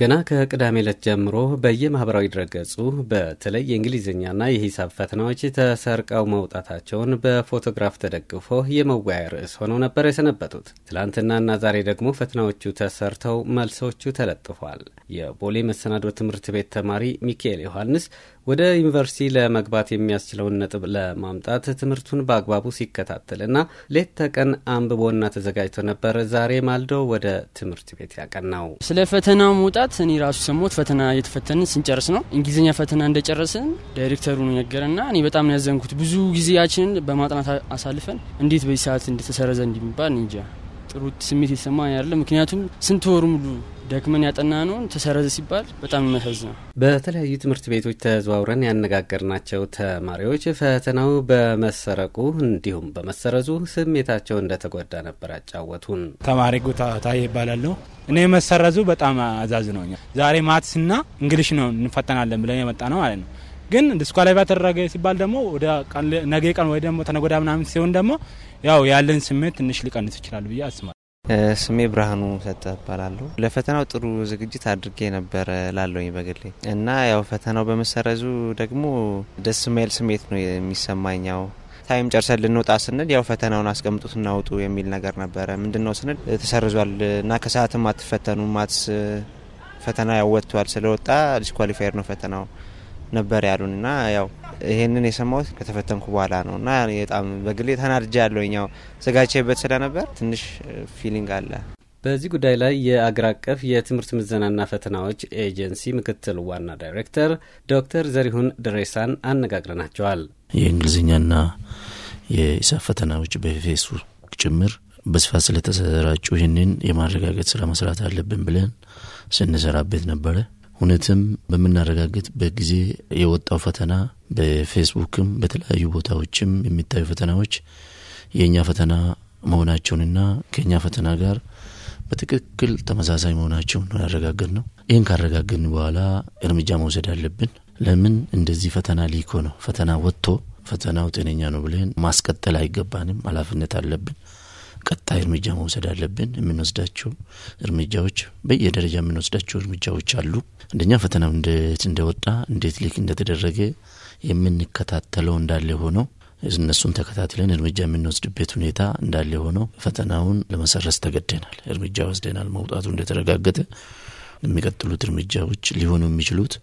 ገና ከቅዳሜ ዕለት ጀምሮ በየማኅበራዊ ድረገጹ በተለይ የእንግሊዝኛና የሂሳብ ፈተናዎች ተሰርቀው መውጣታቸውን በፎቶግራፍ ተደግፎ የመወያያ ርዕስ ሆነው ነበር የሰነበቱት። ትላንትናና ዛሬ ደግሞ ፈተናዎቹ ተሰርተው መልሶቹ ተለጥፏል። የቦሌ መሰናዶ ትምህርት ቤት ተማሪ ሚካኤል ዮሐንስ ወደ ዩኒቨርሲቲ ለመግባት የሚያስችለውን ነጥብ ለማምጣት ትምህርቱን በአግባቡ ሲከታተልና ሌት ተቀን አንብቦና ተዘጋጅቶ ነበር። ዛሬ ማልዶ ወደ ትምህርት ቤት ያቀናው ስለ ፈተና መውጣት እኔ ራሱ ሰሞት ፈተና የተፈተንን ስንጨርስ ነው። እንግሊዝኛ ፈተና እንደጨረስን ዳይሬክተሩ ነው ነገረና እኔ በጣም ያዘንኩት ብዙ ጊዜያችንን በማጥናት አሳልፈን እንዴት በዚህ ሰዓት እንደተሰረዘ እንዲባል እንጃ ጥሩ ስሜት የተሰማ ያለ ምክንያቱም ስንት ወር ሙሉ ደክመን ያጠና ነውን ተሰረዘ ሲባል በጣም የሚያሳዝን ነው። በተለያዩ ትምህርት ቤቶች ተዘዋውረን ያነጋገርናቸው ተማሪዎች ፈተናው በመሰረቁ እንዲሁም በመሰረዙ ስሜታቸው እንደተጎዳ ነበር ያጫወቱን። ተማሪ ጉታታይ ይባላለሁ። እኔ መሰረዙ በጣም አዛዝ ነው። ዛሬ ማትስና እንግሊሽ ነው እንፈተናለን ብለን የመጣ ነው ማለት ነው ግን ዲስኳሊፋይ ተደረገ ሲባል ደግሞ ወደ ነገ ቀን ወይ ደግሞ ተነጎዳ ምናምን ሲሆን ደግሞ ያው ያለን ስሜት ትንሽ ሊቀንስ ይችላል ብዬ አስባለሁ። ስሜ ብርሃኑ ሰጠ እባላለሁ። ለፈተናው ጥሩ ዝግጅት አድርጌ ነበረ ላለኝ በግሌ እና ያው ፈተናው በመሰረዙ ደግሞ ደስ ማይል ስሜት ነው የሚሰማኝ ታይም ጨርሰን ልንወጣ ስንል ያው ፈተናውን አስቀምጡት እናውጡ የሚል ነገር ነበረ። ምንድን ነው ስንል ተሰርዟል እና ከሰዓትም አትፈተኑ ማትስ ፈተና ያወጥቷል ስለወጣ ዲስኳሊፋየር ነው ፈተናው ነበር እና ያው ይህንን የሰማሁት ከተፈተንኩ በኋላ ነው እና በጣም በግሌ ተናድጃ ያለሁኝ ያው ዘጋጅቼበት ስለነበር ትንሽ ፊሊንግ አለ። በዚህ ጉዳይ ላይ የአገር አቀፍ የትምህርት ምዘናና ፈተናዎች ኤጀንሲ ምክትል ዋና ዳይሬክተር ዶክተር ዘሪሁን ድሬሳን አነጋግረናቸዋል። የእንግሊዝኛና የሂሳብ ፈተናዎች በፌስቡክ ጭምር በስፋት ስለተሰራጩ ይህንን የማረጋገጥ ስራ መስራት አለብን ብለን ስንሰራበት ነበረ። እውነትም በምናረጋግጥበት ጊዜ የወጣው ፈተና በፌስቡክም በተለያዩ ቦታዎችም የሚታዩ ፈተናዎች የእኛ ፈተና መሆናቸውንና ከእኛ ፈተና ጋር በትክክል ተመሳሳይ መሆናቸውን ነው ያረጋገጥ ነው። ይህን ካረጋገድን በኋላ እርምጃ መውሰድ አለብን። ለምን እንደዚህ ፈተና ሊኮ ነው ፈተና ወጥቶ ፈተናው ጤነኛ ነው ብለን ማስቀጠል አይገባንም። ኃላፊነት አለብን። ቀጣይ እርምጃ መውሰድ አለብን። የምንወስዳቸው እርምጃዎች በየደረጃ የምንወስዳቸው እርምጃዎች አሉ። አንደኛ ፈተናው እንዴት እንደወጣ እንዴት ልክ እንደተደረገ የምንከታተለው እንዳለ ሆነው እነሱን ተከታትለን እርምጃ የምንወስድበት ሁኔታ እንዳለ ሆነው ፈተናውን ለመሰረስ ተገደናል። እርምጃ ወስደናል። መውጣቱ እንደተረጋገጠ የሚቀጥሉት እርምጃዎች ሊሆኑ የሚችሉት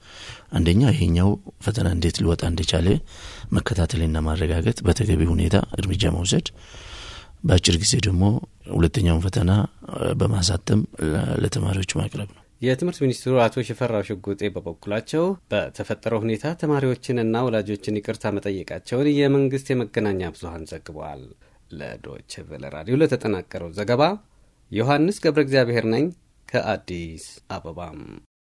አንደኛ ይሄኛው ፈተና እንዴት ሊወጣ እንደቻለ መከታተልና ማረጋገጥ፣ በተገቢ ሁኔታ እርምጃ መውሰድ በአጭር ጊዜ ደግሞ ሁለተኛውን ፈተና በማሳተም ለተማሪዎች ማቅረብ ነው። የትምህርት ሚኒስትሩ አቶ ሽፈራው ሽጉጤ በበኩላቸው በተፈጠረው ሁኔታ ተማሪዎችንና ወላጆችን ይቅርታ መጠየቃቸውን የመንግስት የመገናኛ ብዙሀን ዘግበዋል። ለዶች ቨለ ራዲዮ ለተጠናቀረው ዘገባ ዮሐንስ ገብረ እግዚአብሔር ነኝ ከአዲስ አበባም